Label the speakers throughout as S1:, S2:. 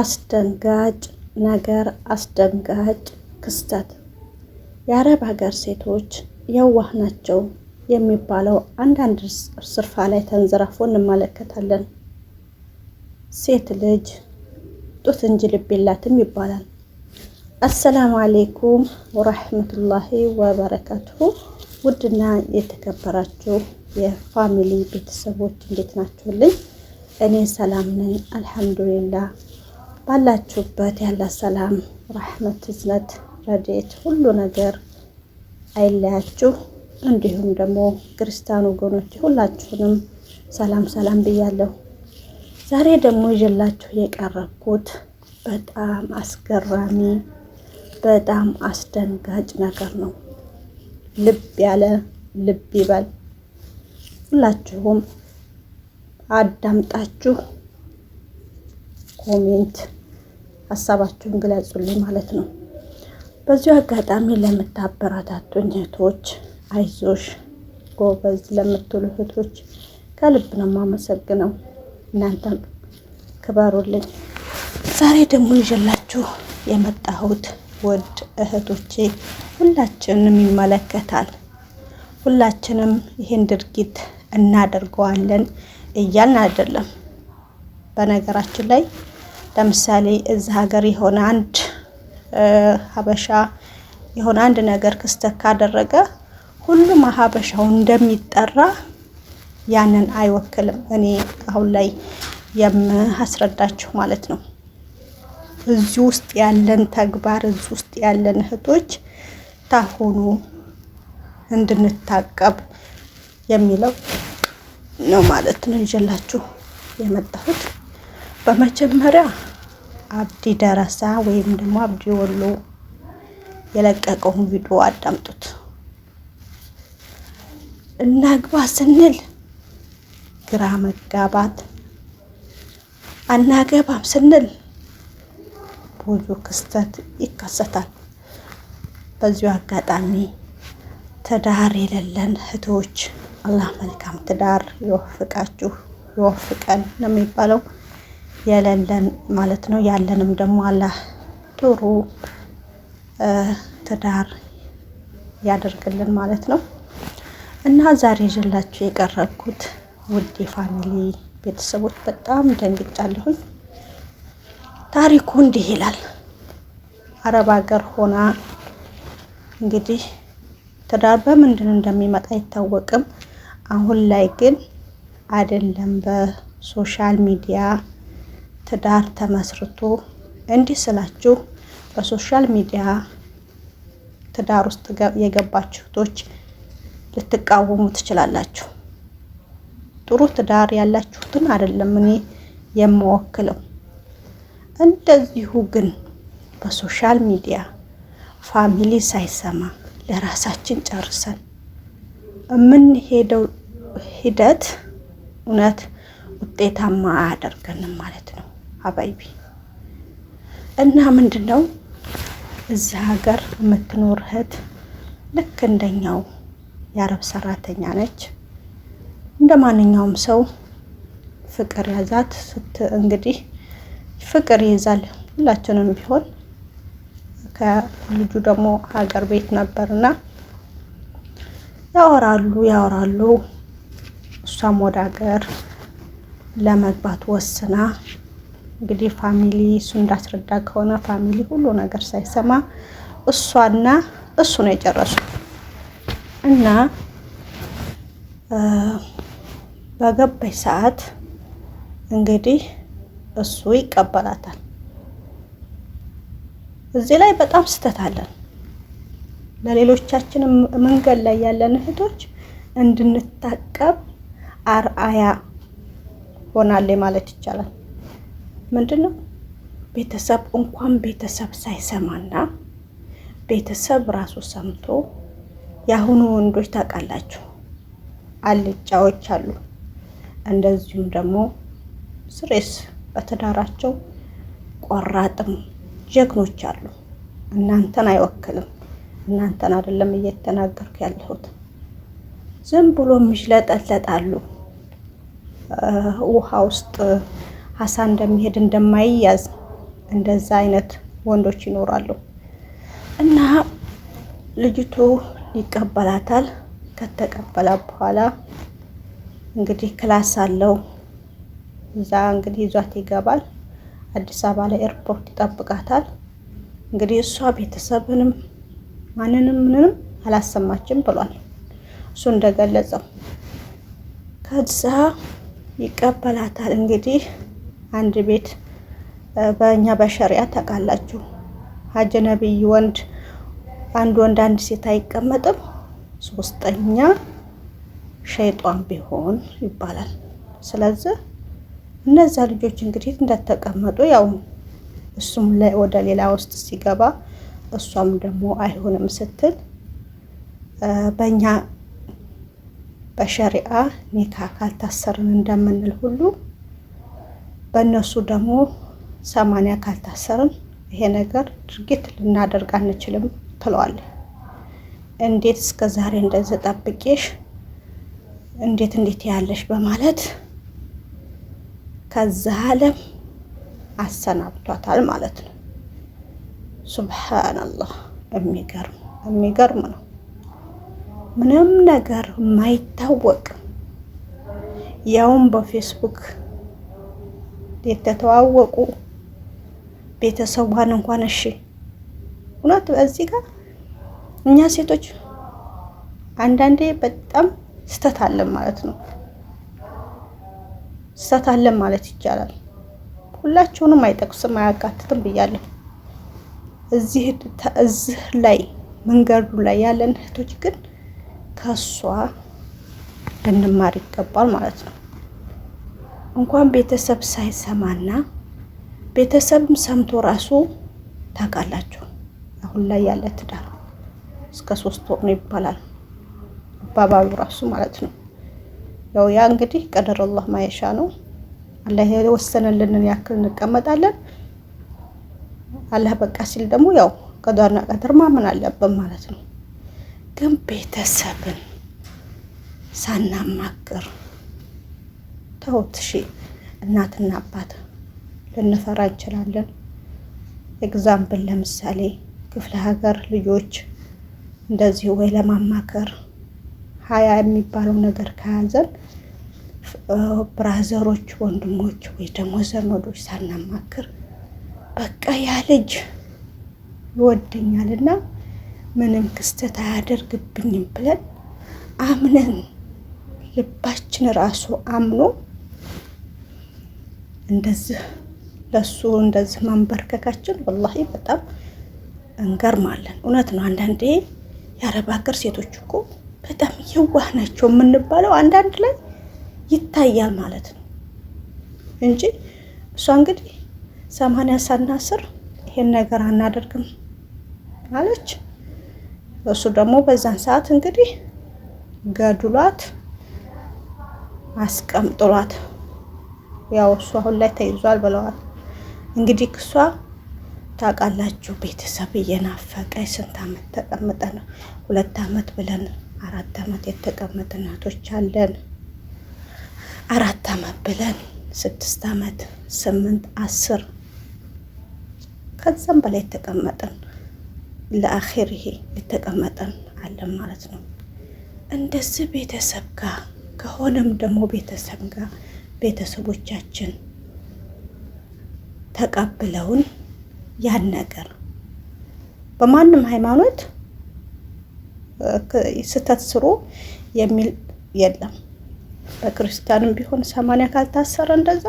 S1: አስደንጋጭ ነገር አስደንጋጭ ክስተት የአረብ ሀገር ሴቶች የዋህ ናቸው የሚባለው አንዳንድ ስርፋ ላይ ተንዘራፎ እንመለከታለን። ሴት ልጅ ጡት እንጂ ልብ የላትም ይባላል። አሰላሙ አሌይኩም ወራህመቱላሂ ወበረካቱሁ። ውድና የተከበራችሁ የፋሚሊ ቤተሰቦች እንዴት ናችሁልኝ? እኔ ሰላም ነኝ አልሐምዱሊላህ። ባላችሁበት ያለ ሰላም ረሕመት፣ እዝነት፣ ረድኤት ሁሉ ነገር አይለያችሁ። እንዲሁም ደግሞ ክርስቲያን ወገኖች ሁላችሁንም ሰላም ሰላም ብያለሁ። ዛሬ ደግሞ ይዤላችሁ የቀረብኩት በጣም አስገራሚ በጣም አስደንጋጭ ነገር ነው። ልብ ያለ ልብ ይበል። ሁላችሁም አዳምጣችሁ ኮሜንት ሀሳባችሁን ግለጹልኝ ማለት ነው። በዚሁ አጋጣሚ ለምታበረታቱኝ እህቶች አይዞሽ ጎበዝ ለምትሉ እህቶች ከልብ ነው የማመሰግነው። እናንተም ክበሩልኝ። ዛሬ ደግሞ ይዤላችሁ የመጣሁት ውድ እህቶቼ ሁላችንም ይመለከታል። ሁላችንም ይህን ድርጊት እናደርገዋለን እያልን አይደለም። በነገራችን ላይ ለምሳሌ እዚ ሀገር የሆነ አንድ ሀበሻ የሆነ አንድ ነገር ክስተት ካደረገ ሁሉም ሀበሻው እንደሚጠራ ያንን አይወክልም። እኔ አሁን ላይ የማስረዳችሁ ማለት ነው። እዚህ ውስጥ ያለን ተግባር እዚህ ውስጥ ያለን እህቶች ታሆኑ እንድንታቀብ የሚለው ነው ማለት ነው ይዤላችሁ የመጣሁት። በመጀመሪያ አብዲ ደረሳ ወይም ደግሞ አብዲ ወሎ የለቀቀውን ቪዲዮ አዳምጡት። እናግባ ስንል ግራ መጋባት፣ አናገባም ስንል ብዙ ክስተት ይከሰታል። በዚሁ አጋጣሚ ትዳር የሌለን እህቶች አላህ መልካም ትዳር ይወፍቃችሁ ይወፍቀን ነው የሚባለው። የሌለን ማለት ነው። ያለንም ደግሞ አላህ ጥሩ ትዳር ያደርግልን ማለት ነው። እና ዛሬ ይዤላችሁ የቀረብኩት ውድ የፋሚሊ ቤተሰቦች በጣም ደንግጫለሁኝ። ታሪኩ እንዲህ ይላል። አረብ ሀገር ሆና እንግዲህ ትዳር በምንድን እንደሚመጣ አይታወቅም። አሁን ላይ ግን አይደለም በሶሻል ሚዲያ ትዳር ተመስርቶ እንዲህ ስላችሁ በሶሻል ሚዲያ ትዳር ውስጥ የገባችሁ እህቶች ልትቃወሙ ትችላላችሁ። ጥሩ ትዳር ያላችሁትን አይደለም እኔ የምወክለው። እንደዚሁ ግን በሶሻል ሚዲያ ፋሚሊ ሳይሰማ ለራሳችን ጨርሰን የምንሄደው ሂደት እውነት ውጤታማ አያደርገንም ማለት ነው። አባይቢ እና ምንድን ነው ሀገር የምትኖር እህት ልክ እንደኛው የአረብ ሰራተኛ ነች። እንደ ማንኛውም ሰው ፍቅር ያዛት ስት እንግዲህ ፍቅር ይይዛል ሁላችንም ቢሆን ከልጁ ደግሞ ሀገር ቤት ነበርና ያወራሉ ያወራሉ። እሷም ወደ ሀገር ለመግባት ወስና እንግዲህ ፋሚሊ እሱ እንዳስረዳ ከሆነ ፋሚሊ ሁሉ ነገር ሳይሰማ እሷና እሱ ነው የጨረሱ እና በገባች ሰዓት እንግዲህ እሱ ይቀበላታል። እዚህ ላይ በጣም ስህተት አለን። ለሌሎቻችን መንገድ ላይ ያለን እህቶች እንድንታቀብ አርአያ ሆናለች ማለት ይቻላል። ምንድን ነው ቤተሰብ እንኳን ቤተሰብ ሳይሰማና ቤተሰብ ራሱ ሰምቶ የአሁኑ ወንዶች ታውቃላችሁ አልጫዎች አሉ። እንደዚሁም ደግሞ ስሬስ በትዳራቸው ቆራጥም ጀግኖች አሉ። እናንተን አይወክልም። እናንተን አይደለም እየተናገርኩ ያለሁት። ዝም ብሎ ምሽለጠለጣሉ ውሃ ውስጥ አሳ እንደሚሄድ እንደማይያዝ እንደዛ አይነት ወንዶች ይኖራሉ። እና ልጅቱ ይቀበላታል። ከተቀበላ በኋላ እንግዲህ ክላስ አለው እዛ እንግዲህ ይዟት ይገባል። አዲስ አበባ ላይ ኤርፖርት ይጠብቃታል። እንግዲህ እሷ ቤተሰብንም ማንንም ምንም አላሰማችም ብሏል እሱ እንደገለጸው። ከዛ ይቀበላታል እንግዲህ አንድ ቤት በእኛ በሸሪያ ታውቃላችሁ፣ አጅነቢይ ወንድ አንድ ወንድ አንድ ሴት አይቀመጥም፣ ሶስተኛ ሸይጧን ቢሆን ይባላል። ስለዚህ እነዚያ ልጆች እንግዲህ እንደተቀመጡ ያው እሱም ወደ ሌላ ውስጥ ሲገባ እሷም ደግሞ አይሆንም ስትል በእኛ በሸሪአ ኒካ ካልታሰርን እንደምንል ሁሉ በእነሱ ደግሞ ሰማንያ ካልታሰርን ይሄ ነገር ድርጊት ልናደርግ አንችልም ትለዋል። እንዴት እስከ ዛሬ እንደዚህ ጠብቄሽ እንዴት እንዴት ያለሽ በማለት ከዛ ዓለም አሰናብቷታል ማለት ነው። ሱብሃነላህ የሚገርም የሚገርም ነው። ምንም ነገር ማይታወቅ ያውም በፌስቡክ የተተዋወቁ ቤተሰቧን እንኳን እሺ እውነት በዚህ ጋር እኛ ሴቶች አንዳንዴ በጣም ስህተት አለን ማለት ነው። ስህተት አለን ማለት ይቻላል። ሁላቸውንም አይጠቅስም አያካትትም ብያለሁ። እዚህ እዚህ ላይ መንገዱ ላይ ያለን እህቶች ግን ከእሷ ልንማር ይገባል ማለት ነው። እንኳን ቤተሰብ ሳይሰማና ቤተሰብም ሰምቶ ራሱ ታውቃላችሁ። አሁን ላይ ያለ ትዳር እስከ ሶስት ወር ነው ይባላል አባባሉ ራሱ ማለት ነው። ያው ያ እንግዲህ ቀደር አላህ ማየሻ ነው። አላህ የወሰነልንን ያክል እንቀመጣለን። አላህ በቃ ሲል ደግሞ ያው ቀዷና ቀደር ማመን አለብን ማለት ነው። ግን ቤተሰብን ሳናማክር ተውት። እሺ እናትና አባት ልንፈራ እንችላለን። ኤግዛምፕል ለምሳሌ ክፍለ ሀገር ልጆች እንደዚህ ወይ ለማማከር ሀያ የሚባለው ነገር ከያዘን ብራዘሮች፣ ወንድሞች ወይ ደግሞ ዘመዶች ሳናማክር በቃ ያ ልጅ ይወደኛል እና ምንም ክስተት አያደርግብኝም ብለን አምነን ልባችን ራሱ አምኖ እንደዚህ ለሱ እንደዚህ ማንበርከካችን ወላሂ በጣም እንገርማለን። እውነት ነው። አንዳንዴ የአረብ ሀገር ሴቶች እኮ በጣም የዋህ ናቸው የምንባለው አንዳንድ ላይ ይታያል ማለት ነው እንጂ እሷ እንግዲህ ሰማንያ ሳናስር ይሄን ነገር አናደርግም አለች። እሱ ደግሞ በዛን ሰዓት እንግዲህ ገድሏት አስቀምጥሏት ያው እሱ አሁን ላይ ተይዟል ብለዋል። እንግዲህ ክሷ ታውቃላችሁ፣ ቤተሰብ እየናፈቀ ስንት አመት ተቀምጠ ነው ሁለት አመት ብለን አራት አመት የተቀመጥ እናቶች አለን። አራት አመት ብለን ስድስት አመት ስምንት አስር ከዛም በላይ የተቀመጠን ለአኼር ይሄ የተቀመጠን አለን ማለት ነው። እንደዚህ ቤተሰብ ጋር ከሆነም ደግሞ ቤተሰብ ጋር ቤተሰቦቻችን ተቀብለውን ያን ነገር በማንም ሃይማኖት ስተት ስሩ የሚል የለም። በክርስቲያንም ቢሆን ሰማንያ ካልታሰረ እንደዛ፣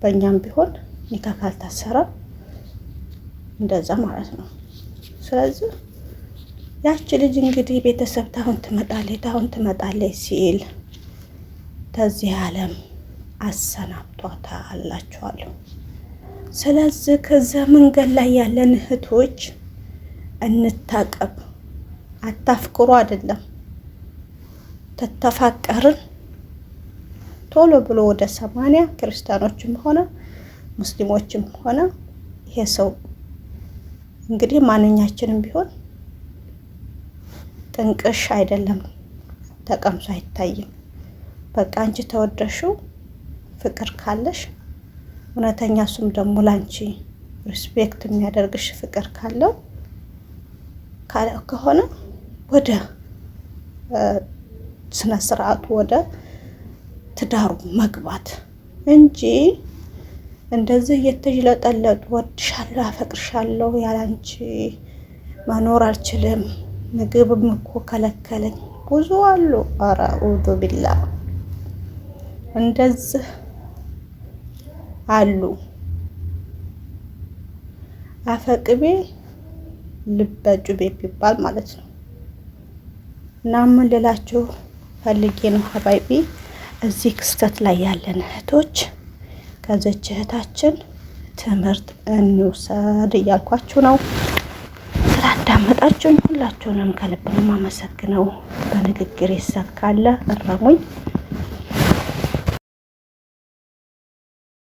S1: በእኛም ቢሆን ኒካ ካልታሰረ እንደዛ ማለት ነው። ስለዚህ ያቺ ልጅ እንግዲህ ቤተሰብ ታሁን ትመጣለች ታሁን ትመጣለች ሲል ተዚህ ዓለም አሰናብቷታ እላችኋለሁ። ስለዚህ ከዛ መንገድ ላይ ያለን እህቶች እንታቀብ። አታፍቅሩ አይደለም ተተፋቀርን ቶሎ ብሎ ወደ ሰማንያ ክርስቲያኖችም ሆነ ሙስሊሞችም ሆነ ይሄ ሰው እንግዲህ ማንኛችንም ቢሆን ጥንቅሽ አይደለም ተቀምሶ አይታይም። በቃ አንቺ ተወደሽው ፍቅር ካለሽ እውነተኛ እሱም ደግሞ ላንቺ ሪስፔክት የሚያደርግሽ ፍቅር ካለው ከሆነ ወደ ስነ ስርዓቱ ወደ ትዳሩ መግባት እንጂ እንደዚህ እየተጅለጠለጡ ወድሻለሁ፣ አፈቅርሻለሁ፣ ያላንቺ መኖር አልችልም፣ ምግብም እኮ ከለከለኝ ብዙ አሉ። አረ ኡዙ ቢላ እንደዚህ አሉ። አፈቅቤ ልበጩቤ ቢባል ማለት ነው። እና ምን ልላችሁ ፈልጌ ነው ሀባይቢ እዚህ ክስተት ላይ ያለን እህቶች ከዚች እህታችን ትምህርት እንውሰድ እያልኳችሁ ነው። ስላዳመጣችሁኝ ሁላችሁንም ከልብ ነው በንግግር ይሰካለ እረሙኝ።